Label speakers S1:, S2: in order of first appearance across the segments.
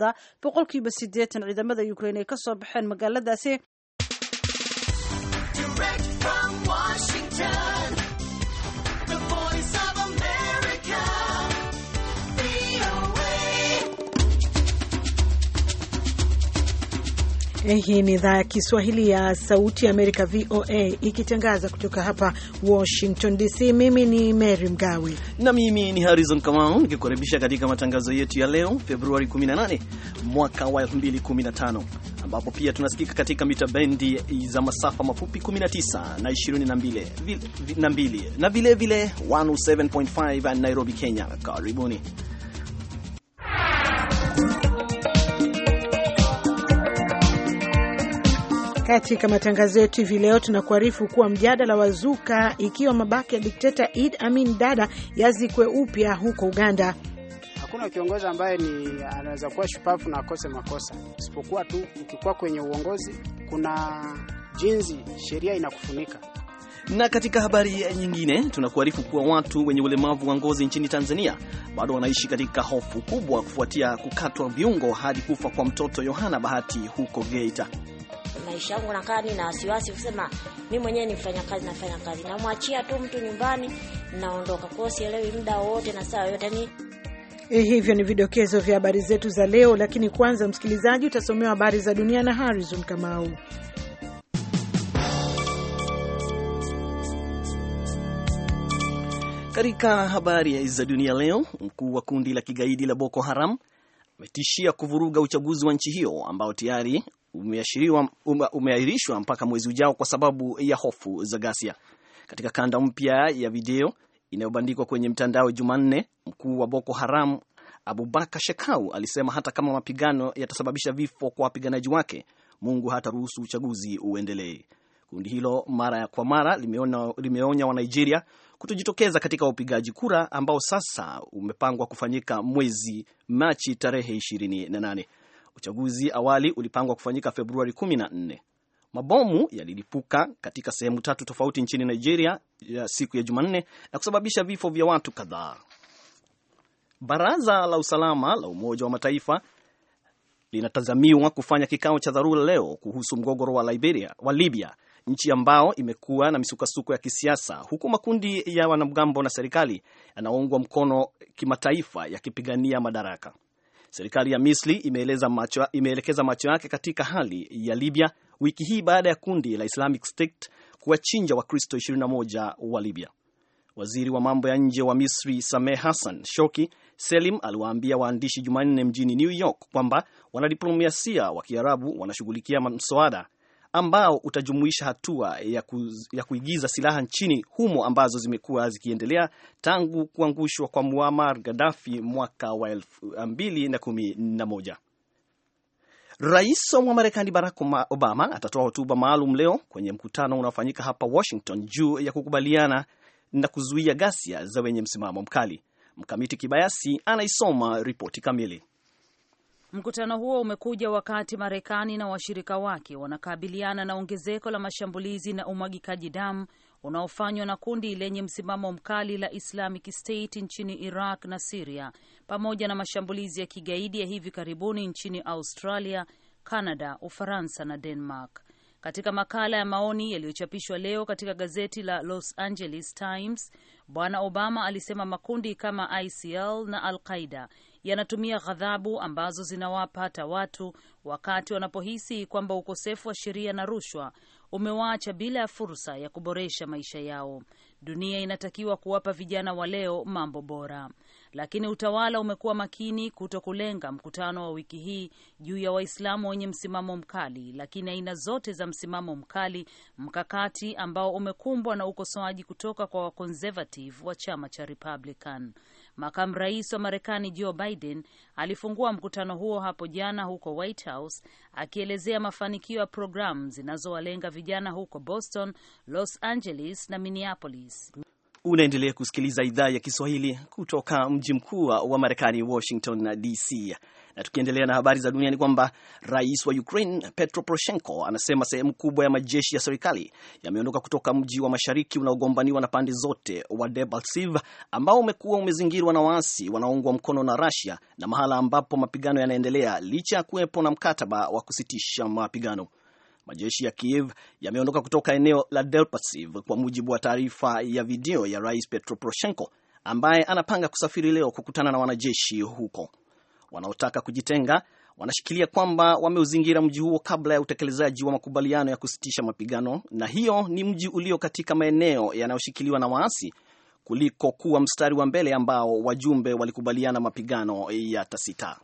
S1: da boqolkiiba siddeetan ciidamada ukrain ay ka soo baxeen magaaladaasi Hii ni idhaa ya Kiswahili ya Sauti ya Amerika, VOA, ikitangaza kutoka hapa Washington DC. Mimi ni Mary Mgawe na mimi ni
S2: Harrison Kamau nikikukaribisha katika matangazo yetu ya leo Februari 18 mwaka wa 2015 ambapo pia tunasikika katika mita bendi za masafa mafupi 19 na 22 na vilevile 107.5 Nairobi, Kenya. Karibuni.
S1: Katika matangazo yetu hivi leo tunakuarifu kuwa mjadala wa zuka ikiwa mabaki ya dikteta Id Amin Dada yazikwe upya huko Uganda.
S3: Hakuna kiongozi ambaye ni anaweza kuwa shupafu na akose makosa, isipokuwa tu ukikuwa kwenye uongozi, kuna jinsi sheria inakufunika.
S2: Na katika habari nyingine tunakuarifu kuwa watu wenye ulemavu wa ngozi nchini Tanzania bado wanaishi katika hofu kubwa kufuatia kukatwa viungo hadi kufa kwa mtoto Yohana Bahati huko Geita
S4: maisha yangu nakaa ni na wasiwasi kusema mimi mwenyewe ni mfanyakazi, nafanya kazi, namwachia tu mtu nyumbani, naondoka kwao, sielewi muda wowote na saa yoyote ni
S1: eh, Hivyo ni vidokezo vya habari zetu za leo, lakini kwanza, msikilizaji, utasomewa habari za dunia na Harrison Kamau. Katika
S2: habari za dunia leo, mkuu wa kundi la kigaidi la Boko Haram ametishia kuvuruga uchaguzi wa nchi hiyo ambao tayari umeahirishwa mpaka mwezi ujao kwa sababu ya hofu za ghasia. Katika kanda mpya ya video inayobandikwa kwenye mtandao Jumanne, mkuu wa Boko Haram Abubakar Shekau alisema hata kama mapigano yatasababisha vifo kwa wapiganaji wake, Mungu hataruhusu uchaguzi uendelee. Kundi hilo mara kwa mara limeona, limeonya Wanigeria kutojitokeza katika upigaji kura ambao sasa umepangwa kufanyika mwezi Machi tarehe 28. Uchaguzi awali ulipangwa kufanyika Februari 14. Mabomu yalilipuka katika sehemu tatu tofauti nchini Nigeria ya siku ya Jumanne na kusababisha vifo vya watu kadhaa. Baraza la usalama la Umoja wa Mataifa linatazamiwa kufanya kikao cha dharura leo kuhusu mgogoro wa Liberia, wa Libya, nchi ambao imekuwa na misukasuko ya kisiasa, huku makundi ya wanamgambo na serikali yanaoungwa mkono kimataifa yakipigania madaraka. Serikali ya Misri macho, imeelekeza macho yake katika hali ya Libya wiki hii baada ya kundi la Islamic State kuwachinja Wakristo 21 wa Libya. Waziri wa mambo ya nje wa Misri Sameh Hassan Shoki Selim aliwaambia waandishi Jumanne mjini New York kwamba wanadiplomasia wa Kiarabu wanashughulikia mswada ambao utajumuisha hatua ya, ku, ya kuigiza silaha nchini humo ambazo zimekuwa zikiendelea tangu kuangushwa kwa Muammar Gaddafi mwaka wa 2011. Eh, Rais wa Marekani Barack Obama atatoa hotuba maalum leo kwenye mkutano unaofanyika hapa Washington juu ya kukubaliana na kuzuia ghasia za wenye msimamo mkali. Mkamiti Kibayasi anaisoma ripoti kamili.
S5: Mkutano huo umekuja wakati Marekani na washirika wake wanakabiliana na ongezeko la mashambulizi na umwagikaji damu unaofanywa na kundi lenye msimamo mkali la Islamic State nchini Iraq na Siria, pamoja na mashambulizi ya kigaidi ya hivi karibuni nchini Australia, Canada, Ufaransa na Denmark. Katika makala ya maoni yaliyochapishwa leo katika gazeti la Los Angeles Times, Bwana Obama alisema makundi kama ICL na Al Qaida yanatumia ghadhabu ambazo zinawapata watu wakati wanapohisi kwamba ukosefu wa sheria na rushwa umewaacha bila ya fursa ya kuboresha maisha yao. Dunia inatakiwa kuwapa vijana wa leo mambo bora, lakini utawala umekuwa makini kuto kulenga mkutano wa wiki hii juu ya Waislamu wenye msimamo mkali, lakini aina zote za msimamo mkali, mkakati ambao umekumbwa na ukosoaji kutoka kwa wakonservative wa chama cha Republican. Makamu rais wa Marekani Joe Biden alifungua mkutano huo hapo jana huko White House akielezea mafanikio ya programu zinazowalenga vijana huko Boston, Los Angeles na Minneapolis.
S2: Unaendelea kusikiliza idhaa ya Kiswahili kutoka mji mkuu wa Marekani, Washington DC. Na tukiendelea na habari za dunia ni kwamba rais wa Ukraine Petro Poroshenko anasema sehemu kubwa ya majeshi ya serikali yameondoka kutoka mji wa mashariki unaogombaniwa na pande zote wa Debaltseve ambao umekuwa umezingirwa na waasi wanaoungwa mkono na Russia na mahala ambapo mapigano yanaendelea licha ya kuwepo na mkataba wa kusitisha mapigano. Majeshi ya Kiev yameondoka kutoka eneo la Delpasiv kwa mujibu wa taarifa ya video ya rais Petro Poroshenko ambaye anapanga kusafiri leo kukutana na wanajeshi huko wanaotaka kujitenga wanashikilia kwamba wameuzingira mji huo kabla ya utekelezaji wa makubaliano ya kusitisha mapigano, na hiyo ni mji ulio katika maeneo yanayoshikiliwa na waasi kuliko kuwa mstari wa mbele ambao wajumbe walikubaliana mapigano yatasita.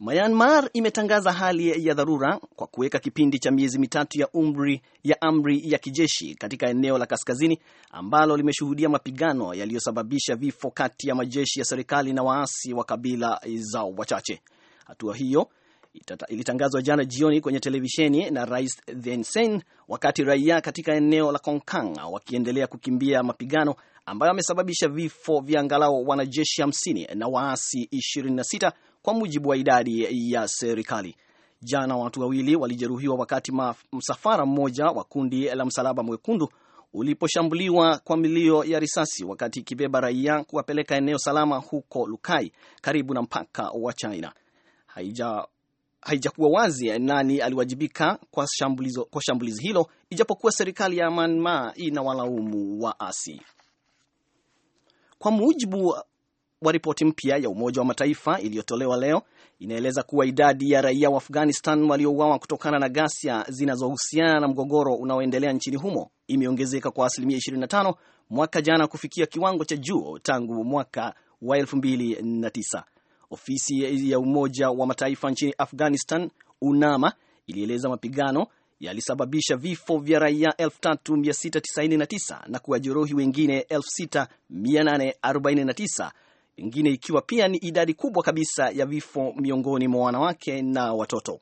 S2: Myanmar imetangaza hali ya dharura kwa kuweka kipindi cha miezi mitatu ya umri ya amri ya kijeshi katika eneo la kaskazini ambalo limeshuhudia mapigano yaliyosababisha vifo kati ya majeshi ya serikali na waasi wa kabila zao wachache. Hatua hiyo ilitangazwa jana jioni kwenye televisheni na Rais Thein Sein wakati raia katika eneo la Konkang wakiendelea kukimbia mapigano ambayo amesababisha vifo vya angalau wanajeshi 50 na waasi 26 kwa mujibu wa idadi ya serikali. Jana watu wawili walijeruhiwa wakati msafara mmoja wa kundi la Msalaba Mwekundu uliposhambuliwa kwa milio ya risasi wakati ikibeba raia kuwapeleka eneo salama huko Lukai karibu na mpaka wa China. Haija haijakuwa wazi nani aliwajibika kwa shambulizo, kwa shambulizi hilo ijapokuwa serikali ya Myanmar ina walaumu waasi. Kwa mujibu wa ripoti mpya ya Umoja wa Mataifa iliyotolewa leo inaeleza kuwa idadi ya raia wa Afghanistan waliouawa kutokana na ghasia zinazohusiana na mgogoro unaoendelea nchini humo imeongezeka kwa asilimia 25 mwaka jana kufikia kiwango cha juu tangu mwaka wa 2009. Ofisi ya Umoja wa Mataifa nchini Afghanistan, UNAMA, ilieleza mapigano yalisababisha vifo vya raia 3699 na kuwajeruhi wengine 6849 pengine ikiwa pia ni idadi kubwa kabisa ya vifo miongoni mwa wanawake na watoto.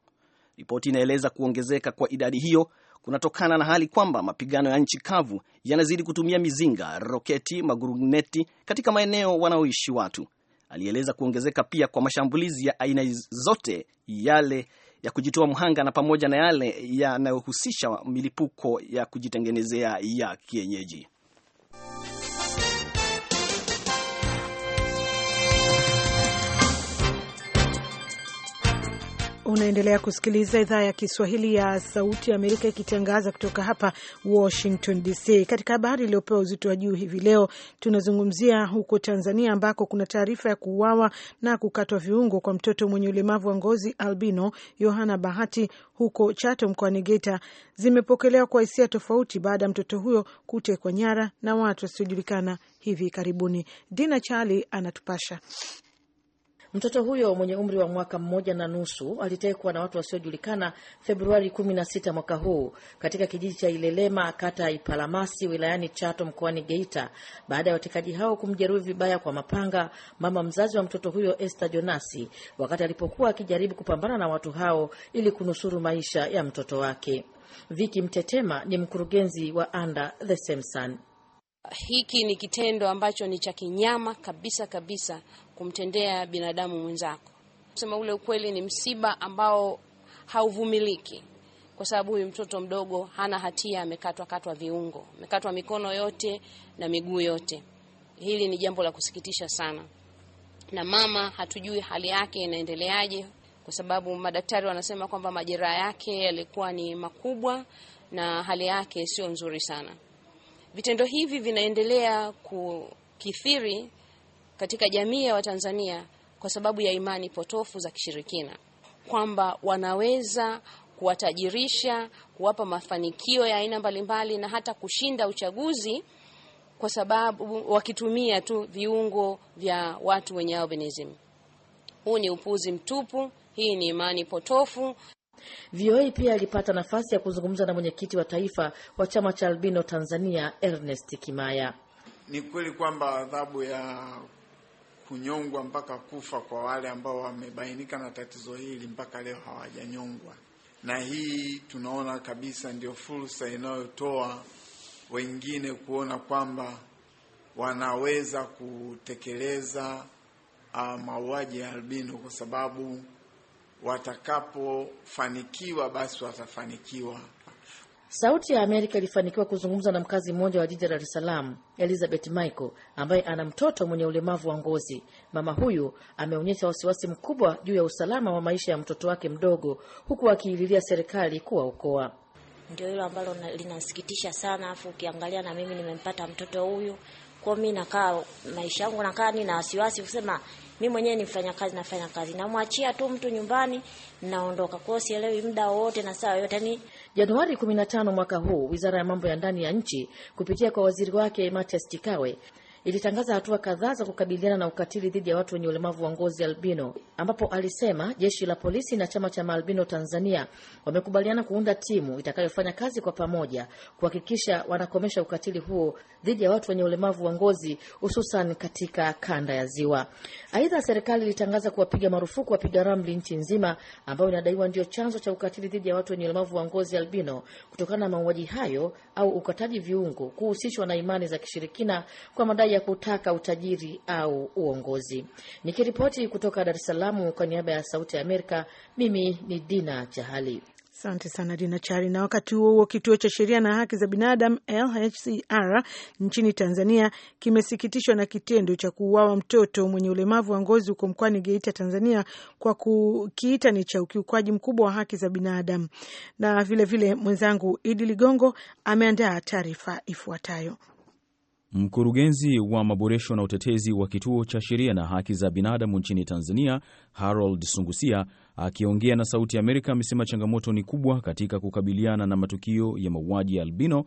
S2: Ripoti inaeleza kuongezeka kwa idadi hiyo kunatokana na hali kwamba mapigano ya nchi kavu yanazidi kutumia mizinga, roketi, maguruneti katika maeneo wanaoishi watu. Alieleza kuongezeka pia kwa mashambulizi ya aina zote, yale ya kujitoa mhanga na pamoja na yale yanayohusisha milipuko ya kujitengenezea ya kienyeji.
S1: Unaendelea kusikiliza idhaa ya Kiswahili ya Sauti ya Amerika ikitangaza kutoka hapa Washington DC. Katika habari iliyopewa uzito wa juu hivi leo, tunazungumzia huko Tanzania ambako kuna taarifa ya kuuawa na kukatwa viungo kwa mtoto mwenye ulemavu wa ngozi albino Yohana Bahati huko Chato mkoani Geita, zimepokelewa kwa hisia tofauti baada ya mtoto huyo kutekwa nyara na watu wasiojulikana hivi
S4: karibuni. Dina Chali anatupasha. Mtoto huyo mwenye umri wa mwaka mmoja na nusu alitekwa na watu wasiojulikana Februari 16 mwaka huu katika kijiji cha Ilelema, kata ya Ipalamasi, wilayani Chato, mkoani Geita, baada ya watekaji hao kumjeruhi vibaya kwa mapanga mama mzazi wa mtoto huyo Esther Jonasi wakati alipokuwa akijaribu kupambana na watu hao ili kunusuru maisha ya mtoto wake. Viki Mtetema ni mkurugenzi wa Under the Same Sun
S5: hiki ni kitendo ambacho ni cha kinyama kabisa kabisa, kumtendea binadamu mwenzako. Kusema ule ukweli, ni msiba ambao hauvumiliki, kwa sababu huyu mtoto mdogo hana hatia, amekatwa katwa viungo, amekatwa mikono yote na miguu yote. Hili ni jambo la kusikitisha sana, na mama hatujui hali yake inaendeleaje, kwa sababu madaktari wanasema kwamba majeraha yake yalikuwa ni makubwa na hali yake sio nzuri sana. Vitendo hivi vinaendelea kukithiri katika jamii ya Watanzania kwa sababu ya imani potofu za kishirikina kwamba wanaweza kuwatajirisha, kuwapa mafanikio ya aina mbalimbali na hata kushinda uchaguzi kwa sababu wakitumia tu viungo vya watu wenye albinism. Huu ni upuzi mtupu. Hii ni imani potofu
S4: VOA pia alipata nafasi ya kuzungumza na mwenyekiti wa taifa wa chama cha albino Tanzania, Ernest Kimaya.
S5: Ni kweli kwamba
S3: adhabu ya kunyongwa mpaka kufa kwa wale ambao wamebainika na tatizo hili mpaka leo hawajanyongwa, na hii tunaona kabisa ndio fursa inayotoa wengine kuona kwamba wanaweza kutekeleza uh, mauaji ya albino kwa sababu watakapofanikiwa basi watafanikiwa.
S4: Sauti ya Amerika ilifanikiwa kuzungumza na mkazi mmoja wa jiji la Dar es Salaam, Elizabeth Michael, ambaye ana mtoto mwenye ulemavu wa ngozi. Mama huyu ameonyesha wasiwasi mkubwa juu ya usalama wa maisha ya mtoto wake mdogo, huku akiililia serikali kuwaokoa. Ndio hilo ambalo linasikitisha sana, afu ukiangalia na mimi nimempata mtoto huyu kwao, mi nakaa maisha yangu nakaa ni na wasiwasi kusema mimi mwenyewe ni mfanyakazi, nafanya kazi, namwachia tu mtu nyumbani, naondoka. Kwa sielewi muda wowote na saa yote ni Januari 15 mwaka huu, Wizara ya Mambo ya Ndani ya Nchi kupitia kwa waziri wake Matias Chikawe ilitangaza hatua kadhaa za kukabiliana na ukatili dhidi ya watu wenye ulemavu wa ngozi albino, ambapo alisema jeshi la polisi na chama cha maalbino Tanzania wamekubaliana kuunda timu itakayofanya kazi kwa pamoja kuhakikisha wanakomesha ukatili huo dhidi ya watu wenye ulemavu wa ngozi hususan katika kanda ya Ziwa. Aidha, serikali ilitangaza kuwapiga marufuku wapiga ramli nchi nzima, ambayo inadaiwa ndio chanzo cha ukatili dhidi ya watu wenye ulemavu wa ngozi albino, kutokana na mauaji hayo au ukataji viungo kuhusishwa na imani za kishirikina kwa madai ya kutaka utajiri au uongozi. Nikiripoti kutoka Dar es Salaam kwa niaba ya Sauti ya Amerika, mimi ni Dina Chahali. Asante sana Dina Chari. Na wakati huo huo,
S1: kituo cha sheria na haki za binadamu LHCR nchini Tanzania kimesikitishwa na kitendo cha kuuawa mtoto mwenye ulemavu wa ngozi huko mkoani Geita, Tanzania, kwa kukiita ni cha ukiukwaji mkubwa wa haki za binadamu. Na vilevile mwenzangu Idi Ligongo ameandaa taarifa ifuatayo.
S6: Mkurugenzi wa
S2: maboresho na utetezi wa Kituo cha Sheria na Haki za Binadamu nchini Tanzania, Harold Sungusia, akiongea na Sauti ya Amerika, amesema changamoto ni kubwa katika kukabiliana na matukio ya mauaji ya albino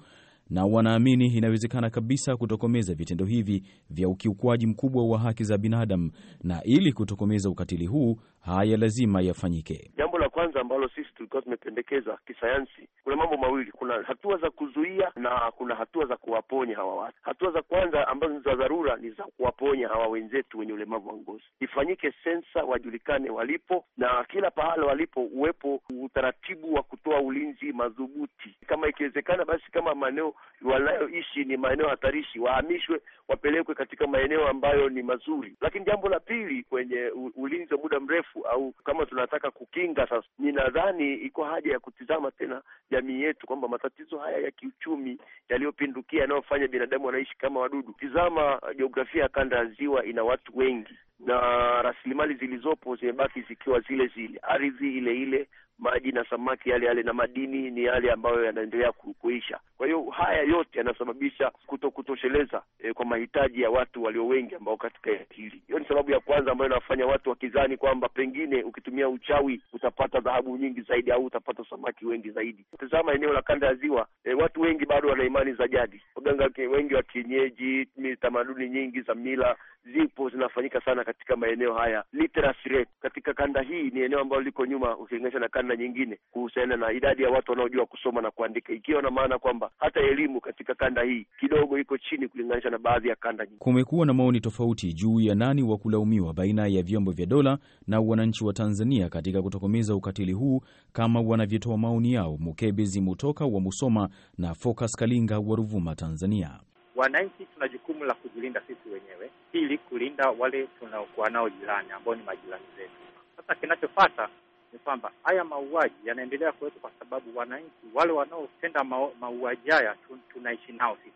S2: na wanaamini inawezekana kabisa kutokomeza vitendo hivi vya ukiukwaji mkubwa wa haki za binadamu, na ili kutokomeza ukatili huu haya lazima
S6: yafanyike.
S7: Jambo la kwanza ambalo sisi tulikuwa tumependekeza kisayansi, kuna mambo mawili, kuna hatua za kuzuia na kuna hatua za kuwaponya hawa watu. Hatua za kwanza ambazo ni za dharura ni za kuwaponya hawa wenzetu wenye ulemavu wa ngozi. Ifanyike sensa, wajulikane walipo, na kila pahala walipo uwepo utaratibu wa kutoa ulinzi madhubuti. Kama ikiwezekana, basi kama maeneo
S5: wanayoishi
S7: ni maeneo hatarishi, wahamishwe, wapelekwe katika maeneo ambayo ni mazuri. Lakini jambo la pili kwenye ulinzi wa muda mrefu uhalifu au kama tunataka kukinga sasa, ni nadhani iko haja ya kutizama tena jamii yetu kwamba matatizo haya ya kiuchumi yaliyopindukia yanayofanya binadamu wanaishi kama wadudu. Tizama uh, jiografia ya kanda ya ziwa, ina watu wengi na rasilimali zilizopo zimebaki zikiwa zile zile, ardhi ile ile, maji na samaki yale yale na madini ni yale ambayo yanaendelea kuisha. Kwa hiyo haya yote yanasababisha kuto kutosheleza e, kwa mahitaji ya watu walio wengi ambao katika hili. Hiyo ni sababu ya kwanza ambayo inafanya watu wakizani kwamba pengine ukitumia uchawi utapata dhahabu nyingi zaidi au utapata samaki wengi zaidi. Tazama eneo la kanda ya ziwa, e, watu wengi bado wana imani za jadi, waganga wengi wa kienyeji, tamaduni nyingi za mila zipo zinafanyika sana katika maeneo haya. Literacy rate katika kanda hii ni eneo ambalo liko nyuma ukilinganisha na kanda namna nyingine kuhusiana na idadi ya watu wanaojua kusoma na kuandika, ikiwa na maana kwamba hata elimu katika kanda hii kidogo iko chini kulinganisha na baadhi ya kanda nyingine.
S5: Kumekuwa
S2: na maoni tofauti juu ya nani wa kulaumiwa baina ya vyombo vya dola na wananchi wa Tanzania katika kutokomeza ukatili huu, kama wanavyotoa maoni yao Mukebezi Mutoka wa Musoma na Focus Kalinga wa Ruvuma, Tanzania.
S7: Wananchi tuna jukumu la kujilinda sisi wenyewe, ili kulinda wale tunaokuwa nao jirani ambao ni majirani zetu. Sasa kinachofata ni kwamba haya mauaji yanaendelea kuwepo kwa sababu wananchi wale wanaotenda mauaji haya tunaishi nao sisi,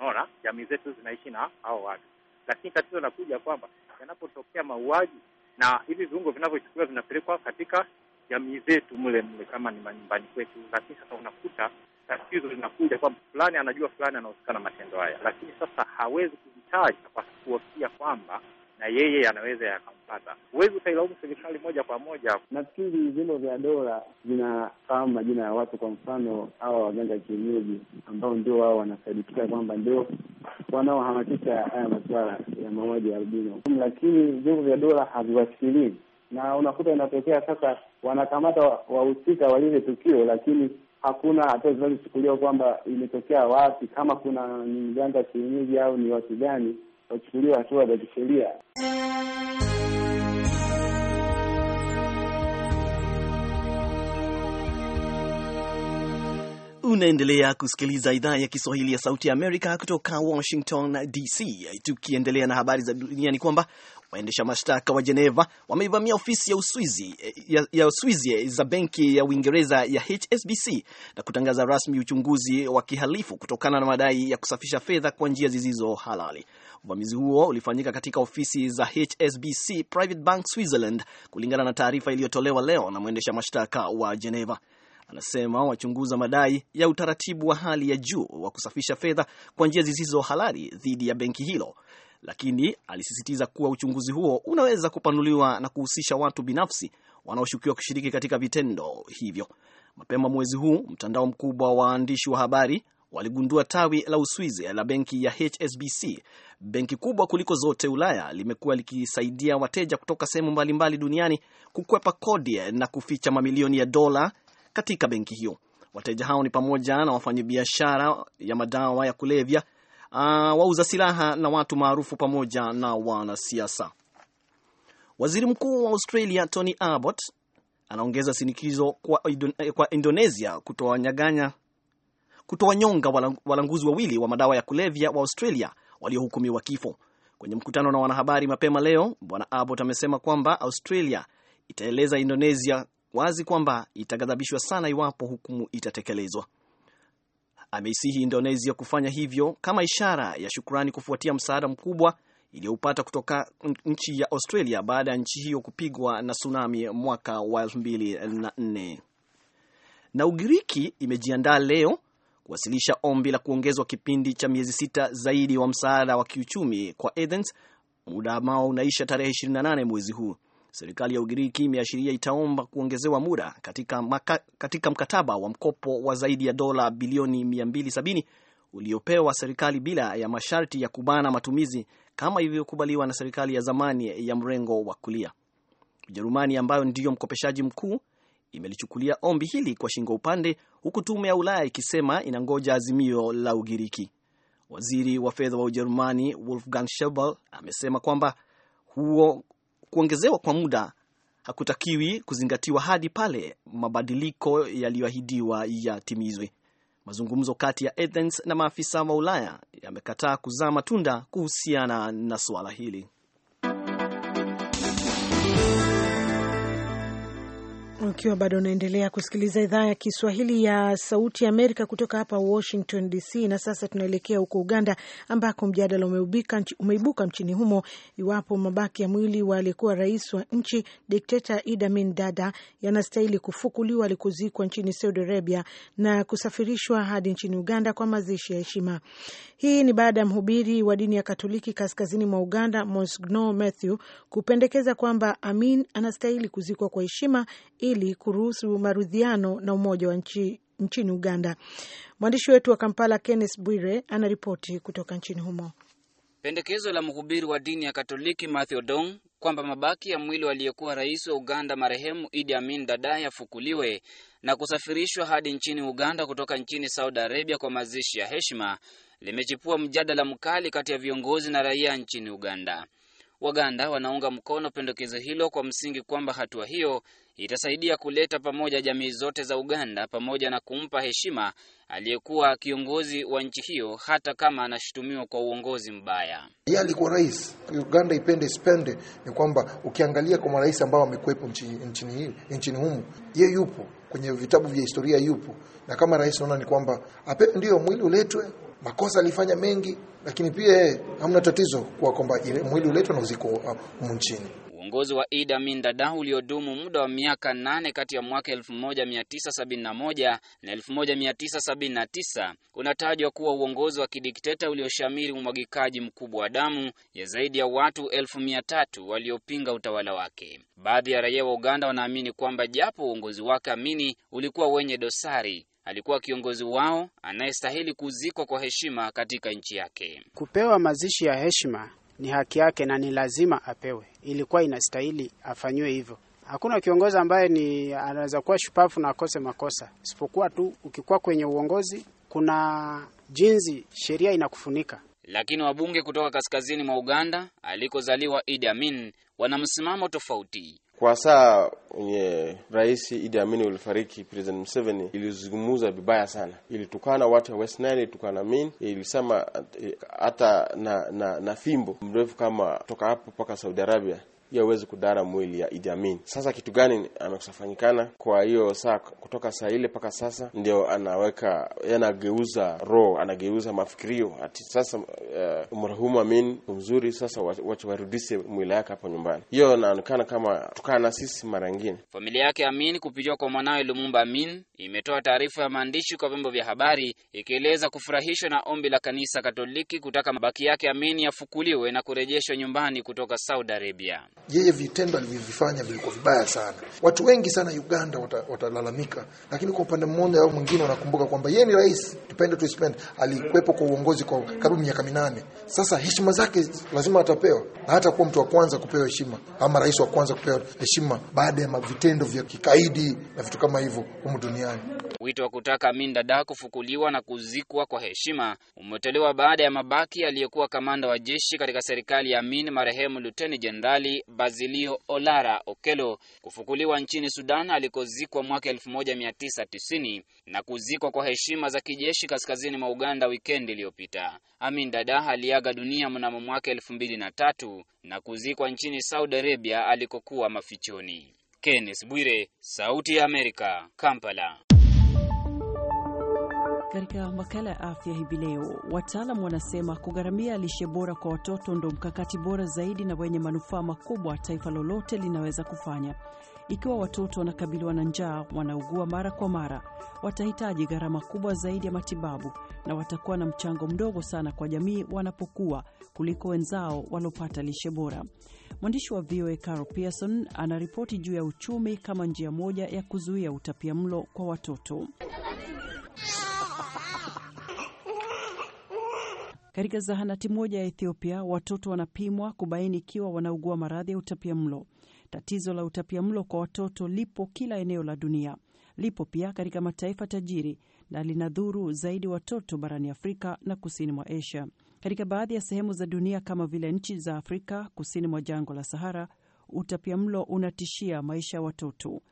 S7: unaona, jamii zetu zinaishi na hao watu, lakini tatizo linakuja kwamba yanapotokea mauaji na hivi viungo vinavyochukuliwa vinapelekwa katika jamii zetu mle mle kama ni manyumbani kwetu, lakini sasa unakuta tatizo linakuja kwamba fulani anajua fulani anahusika na matendo haya, lakini sasa hawezi kuvitaja kwa kuhofia kwamba na yeye anaweza yakampata. Huwezi ukailaumu serikali moja kwa moja. Nafikiri vyombo vya dola vinafahamu majina ya watu, kwa mfano hawa waganga kienyeji ambao ndio wao wanasadikika kwamba ndio wanaohamasisha haya masuala ya mauaji ya albino, lakini vyombo vya dola haviwasikilii na unakuta inatokea sasa, wanakamata wahusika wa lile tukio, lakini hakuna hatua zinazochukuliwa kwamba imetokea wapi, kama kuna ni mganga kienyeji au ni watu gani wachukuliwa hatua za kisheria.
S2: Unaendelea kusikiliza idhaa ya Kiswahili ya Sauti ya Amerika kutoka Washington DC. Tukiendelea na habari za dunia, ni kwamba Waendesha mashtaka wa Geneva wameivamia ofisi ya Uswizi, eh, ya, ya Uswizi eh, za benki ya Uingereza ya HSBC na kutangaza rasmi uchunguzi wa kihalifu kutokana na madai ya kusafisha fedha kwa njia zisizo halali. Uvamizi huo ulifanyika katika ofisi za HSBC Private Bank Switzerland, kulingana na taarifa iliyotolewa leo na mwendesha mashtaka wa Geneva. Anasema wachunguza madai ya utaratibu wa hali ya juu wa kusafisha fedha kwa njia zisizo halali dhidi ya benki hilo lakini alisisitiza kuwa uchunguzi huo unaweza kupanuliwa na kuhusisha watu binafsi wanaoshukiwa kushiriki katika vitendo hivyo. Mapema mwezi huu mtandao mkubwa wa waandishi wa habari waligundua tawi la Uswizi la benki ya HSBC, benki kubwa kuliko zote Ulaya, limekuwa likisaidia wateja kutoka sehemu mbalimbali duniani kukwepa kodi na kuficha mamilioni ya dola katika benki hiyo. Wateja hao ni pamoja na wafanyabiashara ya madawa ya kulevya, uh, wauza silaha na watu maarufu pamoja na wanasiasa. Waziri Mkuu wa Australia Tony Abbott anaongeza shinikizo kwa, eh, kwa Indonesia kutowanyaganya kutowanyonga walanguzi wawili wa madawa ya kulevya wa Australia waliohukumiwa kifo. Kwenye mkutano na wanahabari mapema leo, Bwana Abbott amesema kwamba Australia itaeleza Indonesia wazi kwamba itaghadhabishwa sana iwapo hukumu itatekelezwa ameisihi Indonesia kufanya hivyo kama ishara ya shukrani kufuatia msaada mkubwa iliyoupata kutoka nchi ya Australia baada ya nchi hiyo kupigwa na tsunami mwaka wa 2004. Na Ugiriki imejiandaa leo kuwasilisha ombi la kuongezwa kipindi cha miezi sita zaidi wa msaada wa kiuchumi kwa Athens, muda ambao unaisha tarehe 28 mwezi huu. Serikali ya Ugiriki imeashiria itaomba kuongezewa muda katika, maka, katika mkataba wa mkopo wa zaidi ya dola bilioni 270 uliopewa serikali bila ya masharti ya kubana matumizi kama ilivyokubaliwa na serikali ya zamani ya mrengo wa kulia. Ujerumani ambayo ndiyo mkopeshaji mkuu imelichukulia ombi hili kwa shingo upande, huku tume ya Ulaya ikisema inangoja azimio la Ugiriki. Waziri wa fedha wa Ujerumani Wolfgang Schäuble amesema kwamba huo kuongezewa kwa muda hakutakiwi kuzingatiwa hadi pale mabadiliko yaliyoahidiwa yatimizwe. Mazungumzo kati ya Athens na maafisa wa Ulaya yamekataa kuzaa matunda kuhusiana na suala hili.
S1: Ukiwa bado unaendelea kusikiliza idhaa ya Kiswahili ya Sauti Amerika kutoka hapa Washington DC. Na sasa tunaelekea huko Uganda ambako mjadala umeibuka nchini humo iwapo mabaki ya mwili wa aliyekuwa rais wa nchi dikteta Idi Amin Dada yanastahili kufukuliwa alikuzikwa nchini Saudi Arabia na kusafirishwa hadi nchini Uganda kwa mazishi ya heshima. Hii ni baada ya mhubiri wa dini ya Katoliki kaskazini mwa Uganda, Monsignor Matthew kupendekeza kwamba Amin anastahili kuzikwa kwa heshima ili kuruhusu marudhiano na umoja wa nchi nchini Uganda. Mwandishi wetu wa Kampala Kenneth Bwire anaripoti kutoka nchini humo.
S6: Pendekezo la mhubiri wa dini ya Katoliki matthew Dong kwamba mabaki ya mwili waliyekuwa rais wa Uganda marehemu Idi Amin Dada yafukuliwe na kusafirishwa hadi nchini Uganda kutoka nchini Saudi Arabia kwa mazishi ya heshima limechipua mjadala mkali kati ya viongozi na raia nchini Uganda. Waganda wanaunga mkono pendekezo hilo kwa msingi kwamba hatua hiyo itasaidia kuleta pamoja jamii zote za Uganda pamoja na kumpa heshima aliyekuwa kiongozi wa nchi hiyo hata kama anashutumiwa kwa uongozi mbaya. Yeye alikuwa
S3: rais. Uganda ipende isipende, ni kwamba ukiangalia kwa marais ambao wamekuwepo nchini, nchini humu, ye yupo kwenye vitabu vya historia, yupo na kama rais, naona ni kwamba apewe, ndio mwili uletwe makosa alifanya mengi, lakini pia hamna tatizo kuwa kwamba mwili uletwa na uziko humu nchini.
S6: Uongozi wa Idi Amin Dada uliodumu muda wa miaka nane kati ya mwaka 1971 na 1979 unatajwa kuwa uongozi wa kidikteta ulioshamiri umwagikaji mkubwa wa damu ya zaidi ya watu elfu mia tatu waliopinga utawala wake. Baadhi ya raia wa Uganda wanaamini kwamba japo uongozi wake amini ulikuwa wenye dosari, alikuwa kiongozi wao anayestahili kuzikwa kwa heshima katika nchi yake.
S3: Kupewa mazishi ya heshima ni haki yake na ni lazima apewe, ilikuwa inastahili afanyiwe hivyo. Hakuna kiongozi ambaye ni anaweza kuwa shupafu na akose makosa, isipokuwa tu ukikuwa kwenye uongozi kuna jinsi sheria inakufunika.
S6: Lakini wabunge kutoka kaskazini mwa Uganda alikozaliwa Idi Amin wana msimamo tofauti. Kwa saa wenye Rais Idi Amin ulifariki, President Museveni ilizungumuza vibaya sana, ilitukana watu wa West Nile, ilitukana min, ilisema eh, hata na, na, na fimbo mrefu kama toka hapo mpaka Saudi Arabia hiyo hawezi kudara mwili ya Idi Amin. Sasa kitu gani amekusafanyikana kwa hiyo saa kutoka saa ile mpaka sasa, ndio anaweka anageuza roho, anageuza mafikirio ati sasa uh, eh, marhumu Amin mzuri, sasa warudishe mwili yake hapo nyumbani. Hiyo inaonekana kama tukana na sisi mara nyingine. Familia yake Amin kupitia kwa mwanawe Lumumba Amin imetoa taarifa ya maandishi kwa vyombo vya habari ikieleza kufurahishwa na ombi la kanisa Katoliki kutaka mabaki yake Amin yafukuliwe na kurejeshwa nyumbani kutoka Saudi Arabia
S3: yeye vitendo alivyovifanya vilikuwa vibaya sana. Watu wengi sana Uganda watalalamika, wata lakini kwa upande mmoja au mwingine wanakumbuka kwamba yeye ni rais, tupende tuspend, alikuwepo kwa uongozi kwa karibu miaka minane. Sasa heshima zake lazima atapewa, na hata kuwa mtu wa kwanza kupewa heshima ama rais wa kwanza kupewa heshima baada ya vitendo vya kikaidi na vitu kama hivyo humu duniani.
S6: Wito wa kutaka Amin Dada kufukuliwa na kuzikwa kwa heshima umetolewa baada ya mabaki aliyekuwa kamanda wa jeshi katika serikali ya Amin, marehemu luteni jenerali Bazilio Olara Okelo kufukuliwa nchini Sudan alikozikwa mwaka 1990 na kuzikwa kwa heshima za kijeshi kaskazini mwa Uganda wikendi iliyopita. Amin Dada aliaga dunia mnamo mwaka 2003 na kuzikwa nchini Saudi Arabia alikokuwa mafichoni. Kenneth Bwire, Sauti ya Amerika, Kampala.
S8: Katika makala ya afya hivi leo, wataalam wanasema kugharamia lishe bora kwa watoto ndo mkakati bora zaidi na wenye manufaa makubwa taifa lolote linaweza kufanya. Ikiwa watoto wanakabiliwa na njaa, wanaugua mara kwa mara, watahitaji gharama kubwa zaidi ya matibabu na watakuwa na mchango mdogo sana kwa jamii wanapokuwa kuliko wenzao walopata lishe bora. Mwandishi wa VOA Carol Pearson anaripoti juu ya uchumi kama njia moja ya kuzuia utapia mlo kwa watoto. Katika zahanati moja ya Ethiopia, watoto wanapimwa kubaini ikiwa wanaugua maradhi ya utapia mlo Tatizo la utapia mlo kwa watoto lipo kila eneo la dunia, lipo pia katika mataifa tajiri na linadhuru zaidi watoto barani Afrika na kusini mwa Asia. Katika baadhi ya sehemu za dunia kama vile nchi za Afrika kusini mwa jangwa la Sahara, utapia mlo unatishia maisha ya watoto.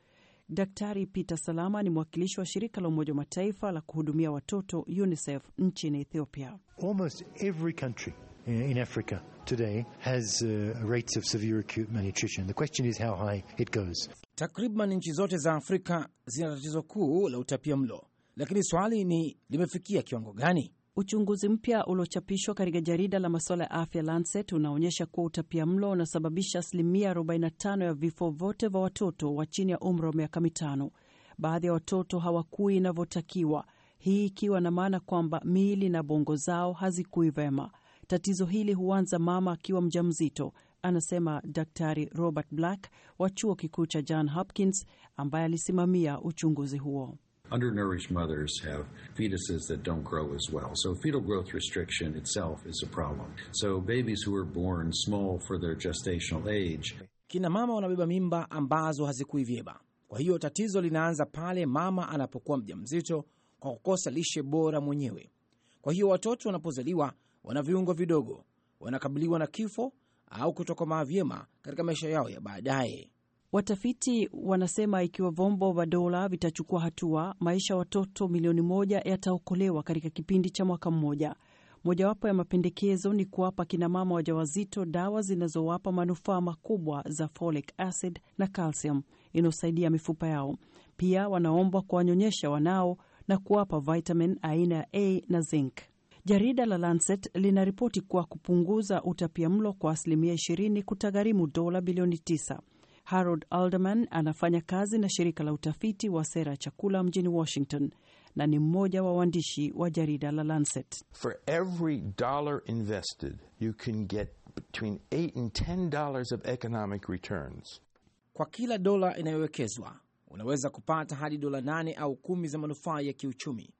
S8: Daktari Peter Salama ni mwakilishi wa shirika la Umoja wa Mataifa la kuhudumia watoto UNICEF nchini Ethiopia. Almost every country
S1: eh, in Africa today
S3: has uh, rates of severe acute malnutrition. The question is how high it goes. Takriban
S8: nchi zote za Afrika zina tatizo kuu la utapia mlo, lakini swali ni limefikia kiwango gani? Uchunguzi mpya uliochapishwa katika jarida la masuala ya afya Lancet unaonyesha kuwa utapia mlo unasababisha asilimia 45 ya vifo vyote vya watoto wa chini ya umri wa miaka mitano. Baadhi ya watoto hawakui inavyotakiwa, hii ikiwa na maana kwamba miili na bongo zao hazikui vema. Tatizo hili huanza mama akiwa mjamzito, anasema Daktari Robert Black wa chuo kikuu cha John Hopkins ambaye alisimamia uchunguzi huo undernourished mothers have fetuses that don't
S1: grow as well. So fetal growth restriction itself is a problem. So babies who are born
S4: small for their gestational age.
S3: Kina mama wanabeba mimba ambazo vyema. Kwa hiyo tatizo linaanza pale mama anapokuwa mjamzito kwa kukosa lishe bora mwenyewe. Kwa hiyo watoto wanapozaliwa wana viungo vidogo, wanakabiliwa na kifo au kutokomaa vyema katika maisha yao ya baadaye.
S8: Watafiti wanasema ikiwa vyombo vya dola vitachukua hatua, maisha ya watoto milioni moja yataokolewa katika kipindi cha mwaka mmoja. Mojawapo ya mapendekezo ni kuwapa kinamama wajawazito dawa zinazowapa manufaa makubwa za folic acid na calcium inayosaidia mifupa yao. Pia wanaombwa kuwanyonyesha wanao na kuwapa vitamin aina ya A na zinc. Jarida la Lancet linaripoti kuwa kupunguza utapia mlo kwa asilimia 20 kutagharimu dola bilioni 9. Harold Alderman anafanya kazi na shirika la utafiti wa sera ya chakula mjini Washington na ni mmoja wa waandishi wa jarida la Lancet. For every dollar invested, you can get between 8 and 10 of economic returns. Kwa kila dola inayowekezwa
S3: unaweza kupata hadi dola nane au kumi za manufaa ya kiuchumi.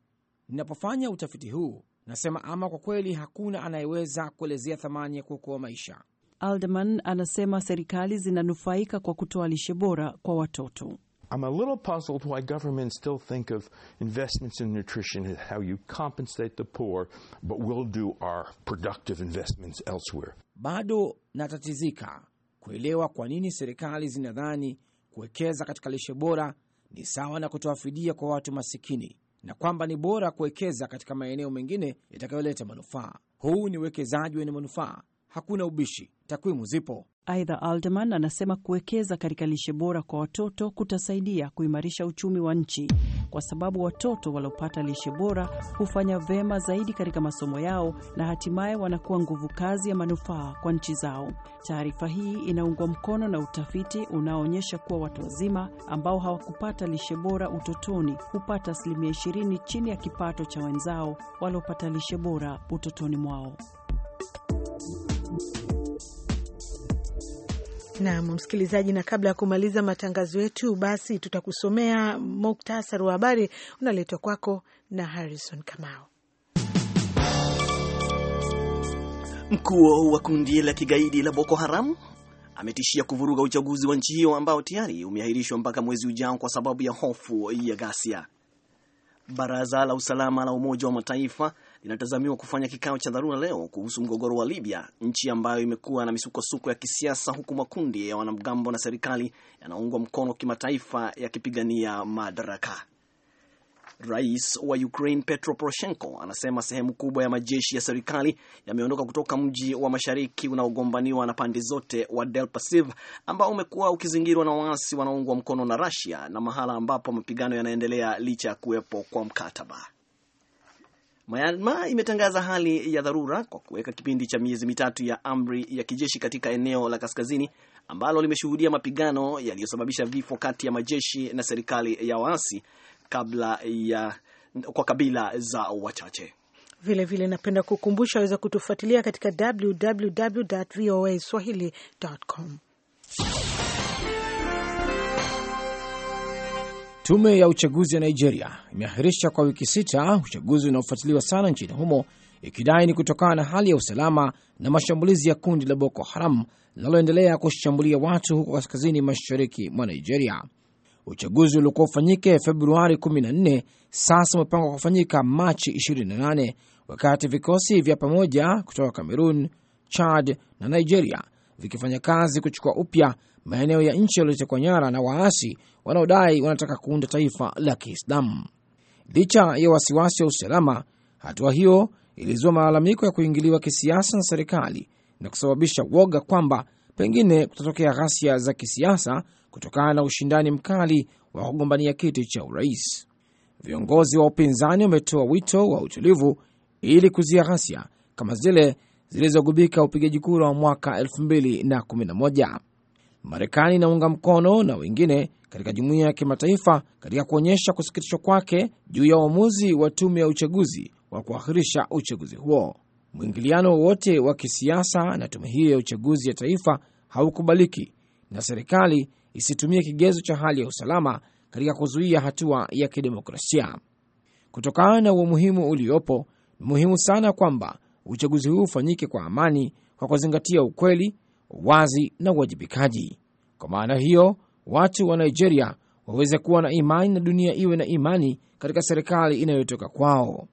S3: Ninapofanya utafiti huu nasema, ama kwa kweli hakuna anayeweza kuelezea thamani ya kuokoa maisha.
S8: Alderman anasema serikali zinanufaika kwa kutoa lishe bora kwa watoto. I'm a little puzzled why governments still think of investments in nutrition as how you compensate the poor, but we'll do our productive investments elsewhere. Bado
S3: natatizika kuelewa kwa nini serikali zinadhani kuwekeza katika lishe bora ni sawa na kutoa fidia kwa watu masikini na kwamba ni bora kuwekeza katika maeneo mengine yatakayoleta manufaa. Huu ni uwekezaji wenye manufaa, hakuna ubishi
S8: takwimu zipo. Aidha, Alderman anasema kuwekeza katika lishe bora kwa watoto kutasaidia kuimarisha uchumi wa nchi kwa sababu watoto waliopata lishe bora hufanya vema zaidi katika masomo yao na hatimaye wanakuwa nguvu kazi ya manufaa kwa nchi zao. Taarifa hii inaungwa mkono na utafiti unaoonyesha kuwa watu wazima ambao hawakupata lishe bora utotoni hupata asilimia 20 chini ya kipato cha wenzao
S1: waliopata lishe bora utotoni mwao. Naam msikilizaji, na kabla ya kumaliza matangazo yetu, basi tutakusomea muktasari wa habari unaletwa kwako na Harrison Kamau.
S2: Mkuu wa kundi la kigaidi la Boko Haram ametishia kuvuruga uchaguzi wa nchi hiyo ambao tayari umeahirishwa mpaka mwezi ujao kwa sababu ya hofu ya ghasia. Baraza la usalama la Umoja wa Mataifa linatazamiwa kufanya kikao cha dharura leo kuhusu mgogoro wa Libya, nchi ambayo imekuwa na misukosuko ya kisiasa, huku makundi ya wanamgambo na serikali yanaungwa mkono kimataifa yakipigania madaraka. Rais wa Ukraine Petro Poroshenko anasema sehemu kubwa ya majeshi ya serikali yameondoka kutoka mji wa mashariki unaogombaniwa na pande zote wa Delpasiv ambao umekuwa ukizingirwa na waasi wanaoungwa mkono na Russia na mahala ambapo mapigano yanaendelea licha ya kuwepo kwa mkataba. Myanmar imetangaza hali ya dharura kwa kuweka kipindi cha miezi mitatu ya amri ya kijeshi katika eneo la kaskazini ambalo limeshuhudia mapigano yaliyosababisha vifo kati ya majeshi na serikali ya waasi kabla ya kwa kabila za wachache.
S1: Vilevile vile napenda kukumbusha, waweza kutufuatilia katika www.voaswahili.com.
S3: Tume ya uchaguzi ya Nigeria imeahirisha kwa wiki sita uchaguzi unaofuatiliwa sana nchini humo ikidai ni kutokana na hali ya usalama na mashambulizi ya kundi la Boko Haram linaloendelea kushambulia watu huko kaskazini mashariki mwa Nigeria. Uchaguzi uliokuwa ufanyike Februari 14 sasa umepangwa kufanyika Machi 28 wakati vikosi vya pamoja kutoka Cameroon, Chad na Nigeria vikifanya kazi kuchukua upya maeneo ya nchi yaliyotekwa nyara na waasi wanaodai wanataka kuunda taifa la Kiislamu. Licha ya wasiwasi wa usalama, hatua hiyo ilizua malalamiko ya kuingiliwa kisiasa na serikali na kusababisha woga kwamba pengine kutatokea ghasia za kisiasa kutokana na ushindani mkali wa kugombania kiti cha urais. Viongozi wa upinzani wametoa wito wa utulivu ili kuzia ghasia kama zile zilizogubika upigaji kura wa mwaka 2011. Marekani inaunga mkono na wengine katika jumuiya ya kimataifa katika kuonyesha kusikitishwa kwake juu ya uamuzi wa tume ya uchaguzi wa kuahirisha uchaguzi huo. Mwingiliano wowote wa kisiasa na tume hiyo ya uchaguzi ya taifa haukubaliki, na serikali isitumie kigezo cha hali ya usalama katika kuzuia hatua ya kidemokrasia. Kutokana na umuhimu uliopo, ni muhimu sana kwamba uchaguzi huu ufanyike kwa amani kwa kuzingatia ukweli uwazi na uwajibikaji. Kwa maana hiyo, watu wa Nigeria waweze kuwa na imani na dunia iwe na imani katika serikali inayotoka kwao.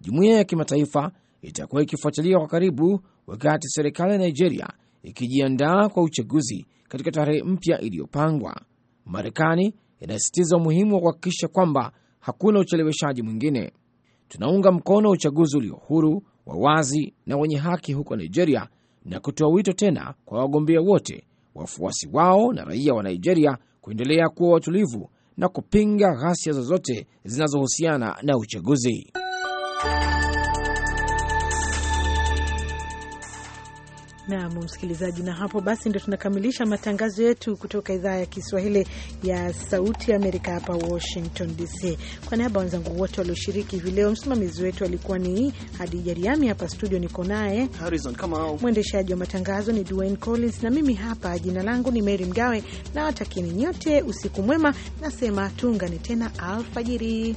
S3: Jumuiya ya kimataifa itakuwa ikifuatilia kwa karibu wakati serikali ya Nigeria ikijiandaa kwa uchaguzi katika tarehe mpya iliyopangwa. Marekani inasisitiza umuhimu wa kuhakikisha kwamba hakuna ucheleweshaji mwingine. Tunaunga mkono uchaguzi ulio huru wa wazi na wenye haki huko Nigeria, na kutoa wito tena kwa wagombea wote, wafuasi wao na raia wa Nigeria kuendelea kuwa watulivu na kupinga ghasia zozote zinazohusiana na uchaguzi.
S1: Nam msikilizaji, na hapo basi ndio tunakamilisha matangazo yetu kutoka idhaa ya Kiswahili ya Sauti Amerika hapa Washington DC. Kwa niaba wenzangu wote walioshiriki hivi leo, msimamizi wetu alikuwa ni Hadija Riami, hapa studio niko naye
S2: Harrison Kamau,
S1: mwendeshaji wa matangazo ni Dwayne Collins, na mimi hapa jina langu ni Mary Mgawe, na watakieni nyote usiku mwema, nasema tuungane tena alfajiri.